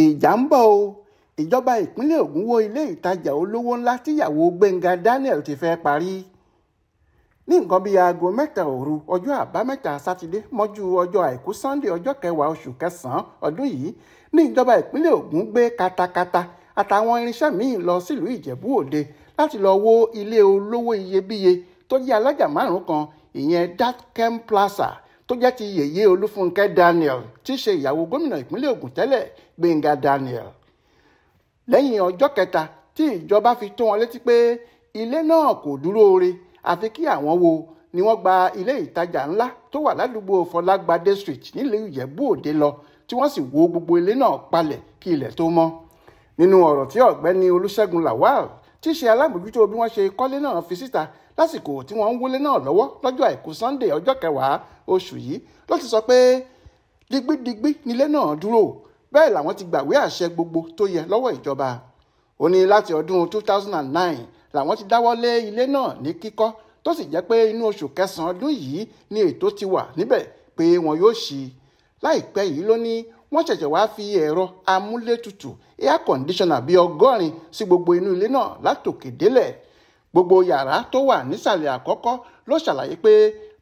ìjà ń bọ̀ o ìjọba ìpínlẹ̀ Ògùn wó ilé ìtajà olówó ńlá tíyàwó Gbẹ́ngà Daniel ti fẹ́ parí ní nǹkan bíi aago mẹ́ta òru ọjọ́ àbámẹ́ta sátidé mọ́jú ọjọ́ àìkú sannde ọjọ́ kẹwàá oṣù kẹsàn-án ọdún yìí ní ìjọba ìpínlẹ̀ Ògùn gbé katakata àtàwọn irinṣẹ́ míì lọ sílùú Ìjẹ̀bú Òde láti lọ wó ilé olówó iyebíye tó jẹ́ alájà márùn-ún kan ìyẹn Datkem Plaza tó jẹ́ ti yèyé olúfúnkẹ́ daniel tí í ṣe ìyàwó gómìnà ìpínlẹ̀ ògùn tẹ́lẹ̀ gbẹ̀ngà daniel lẹ́yìn ọjọ́ kẹta tí ìjọba fi tó wọn létí pé ilé náà kò dúró re àfi kí àwọn wo ni wọ́n gba ilé ìtajà ńlá tó wà ládùúgbò fọlágbádé street nílùú ìjẹ̀bú òde lọ tí wọ́n sì wó gbogbo ilé náà palẹ̀ kí ilẹ̀ tó mọ́ nínú ọ̀rọ̀ tí ọ̀gbẹ́ni olúṣẹ́gun lawal tí í ṣe alábòjútó bí wọ́n ṣe kọ́lé náà fi síta lásìkò tí wọ́n ń wọlé náà lọ́wọ́ lọ́jọ́ àìkú sunday ọjọ́ kẹwàá oṣù yìí ló ti sọ pé digbidigbi nílé náà dúró bẹ́ẹ̀ làwọn ti gbàwé àṣẹ gbogbo tó yẹ lọ́wọ́ ìjọba ó ní láti ọdún two thousand and nine làwọn ti dáwọ́ lé ilé náà ní kíkọ́ tó sì jẹ́ pé inú oṣù kẹsàn-án ọdún yìí ni ètò ti wà níbẹ̀ pé wọn yóò ṣí i láìpẹ́ yìí ló ní wọ́n ṣẹ̀ṣẹ̀ wáá fi ẹ̀rọ amúlétutù air conditioner bíi ọgọ́rin sí gbogbo inú ilé náà látòkè délẹ̀ gbogbo yàrá tó wà nísàlẹ̀ àkọ́kọ́ ló ṣàlàyé pé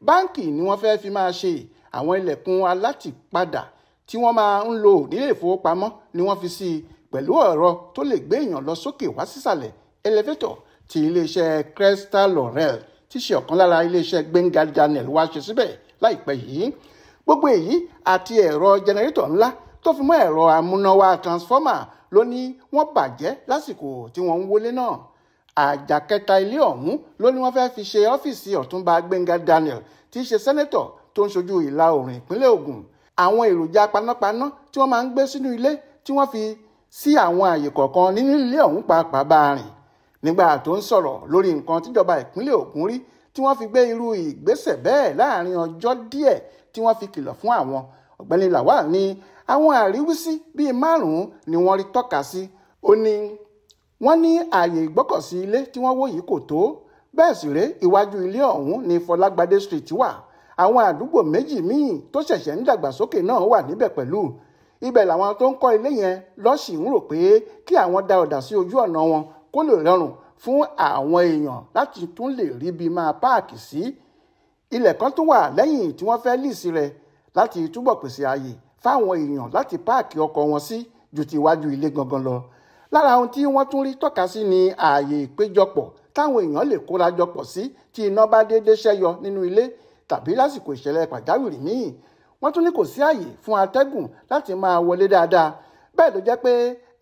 báǹkì ni wọ́n fẹ́ẹ́ fi máa ṣe àwọn ilẹ̀kùn alátìpadà tí wọ́n máa ń lo nílé ìfowópamọ́ ni wọ́n fi sí i pẹ̀lú ẹ̀rọ tó lè gbé èèyàn lọ sókè wá sísàlẹ̀ elevator ti iléeṣẹ́ Cresta Laurel tí ṣe ọ̀kan lára iléeṣẹ́ Gbẹ́ngà Daniel wá ṣe síbẹ̀ láìpẹ́ yìí gbogbo èyí àti ẹ̀rọ jẹnẹrétọ̀ ńlá tó fi mọ́ ẹ̀rọ amúnáwá transformer ló ní wọ́n bàjẹ́ lásìkò tí wọ́n ń wọlé náà àjà kẹta ilé ọ̀hún ló ní wọ́n fẹ́ẹ́ fi ṣe ọ́fíìsì ọ̀túnba gbẹ̀ngà daniel tí í ṣe sẹ́nẹ́tọ̀ tó ń ṣojú ìlà oòrùn ìpínlẹ̀ ògùn àwọn èròjà panápaná tí wọ́n máa ń gbé sínú ilé tí wọ́n fi sí àwọn àyè kọ̀ọ̀kan nínú ilé ọ̀hún pàápàá bá a rìn nígbà tó ń sọ̀rọ̀ lórí nǹkan tíjọba ìpínlẹ̀ ògùn rí tí wọ́n fi gbé irú ìgbésẹ̀ bẹ́ẹ̀ láàrin ọjọ́ díẹ̀ tí wọ́n fi kìlọ̀ fún àwọn ọ̀gbẹ́ni lawal ni àwọn àríwísí bíi márùn-ún ni wọ́n rí tọ́ka sí ó ní wọ́n ní ààyè ìgbọ́kọ̀sí ilé tí wọ́n wó yìí kò tó bẹ́ẹ̀ sì ré iwájú ilé ọ̀hún ní fọlágbádé street wà àwọn àdúgbò méjì míì tó ṣẹ̀ṣẹ̀ ń dàgbàsókè náà wà níbẹ̀ pẹ̀lú ibẹ̀ làwọn tó ń kọ́ ilé yẹn lọ́sì ń rò pé kí àwọn da ọ̀dà sí ojú ọ̀nà wọn kó lè rọrùn fún àwọn èèyàn láti tún lè rí bí máa páàkì sí ilẹ̀ kan tó wà lẹ́yìn tí wọ́n fẹ́ líìsì rẹ̀ láti túbọ̀ pèsè ààyè fáwọn èèyàn láti páàkì ọkọ̀ wọn sí ju ti iwájú ilé gangan lọ lára ohun tí wọ́n tún rí tọ́ka sí ni ààyè ìpéjọpọ̀ táwọn èèyàn lè kóra jọpọ̀ sí tí iná bá déédéé ṣẹ́yọ nínú ilé tàbí lásìkò ìṣẹ̀lẹ̀ pàjáwìrì míì wọ́n tún ní kò sí ààyè fún atẹ́gùn láti máa wọlé dáadáa bẹ́ẹ̀ ló jẹ́ pé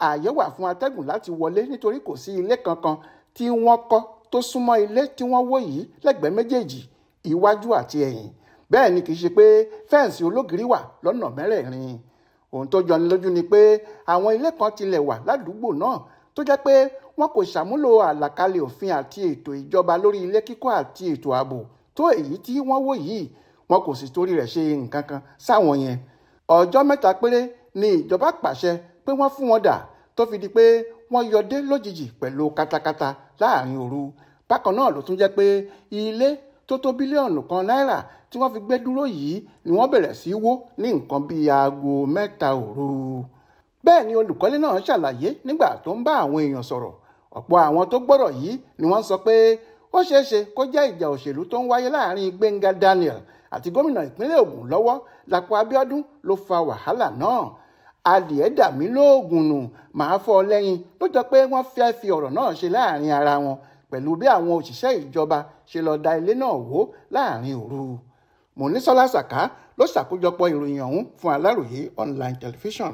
ààyè wà fún atẹ́gùn láti wọlé nítorí kò sí ilé kankan tí wọ́n kọ́ tó súnmọ́ ilé tí wọ́n wó yìí lẹ́gbẹ̀ẹ́ méjèèjì iwájú àti ẹ̀yìn bẹ́ẹ̀ ni kì í ṣe pé fẹ́ǹsì ológiri wà lọ́nà mẹ́rẹ̀ẹ̀rin ohun tó jọni lójú ni pé àwọn ilé kan tilẹ̀ wà ládùúgbò náà tó jẹ́ pé wọn kò ṣàmúlò àlàkalẹ̀ òfin àti ètò ìjọba lórí ilé kíkọ́ àti ètò ààbò tó èyí tí wọ́n wò yìí wọn kò sì torí rẹ̀ ṣe nǹkan kan sáwọn yẹn ọjọ́ mẹ́ta péré ni ìjọba pàṣẹ pé wọ́n fún wọn dà tó fi di pé wọ́n yọdé lójijì pẹ̀lú katakata láàrin òru bákan náà ló tún jẹ́ pé ilé tó tó bílíọ̀nù kan náírà tí wọ́n fi gbé dúró yìí ni wọ́n bẹ̀rẹ̀ sí í wó ní nǹkan bíi aago mẹ́ta òru. bẹ́ẹ̀ ni olùkọ́lé náà ṣàlàyé nígbà tó ń bá àwọn èèyàn sọ̀rọ̀ ọ̀pọ̀ àwọn tó gbọ́rọ̀ yìí ni wọ́n sọ pé ó ṣeé ṣe kó jẹ́ ìjà òṣèlú tó ń wáyé láàrin Gbẹ́ngà Daniel àti gómìnà ìpínlẹ̀ Ògùn lọ́wọ́ Dàpọ̀ Abíọ́dún ló fa wàhálà náà adìẹ dà mí lóògùn nù màá fọ́ ọ lẹ́yìn ló jọ pé wọ́n fẹ́ fi ọ̀rọ̀ náà ṣe láàrin ara wọn pẹ̀lú bí àwọn òṣìṣẹ́ ìjọba ṣe lọ́ọ́ da ilé náà wó láàrin òru Mọ́nísọ́lá Sàká ló ṣàkójọpọ̀ ìròyìn ọ̀hún fún Aláròyé online television.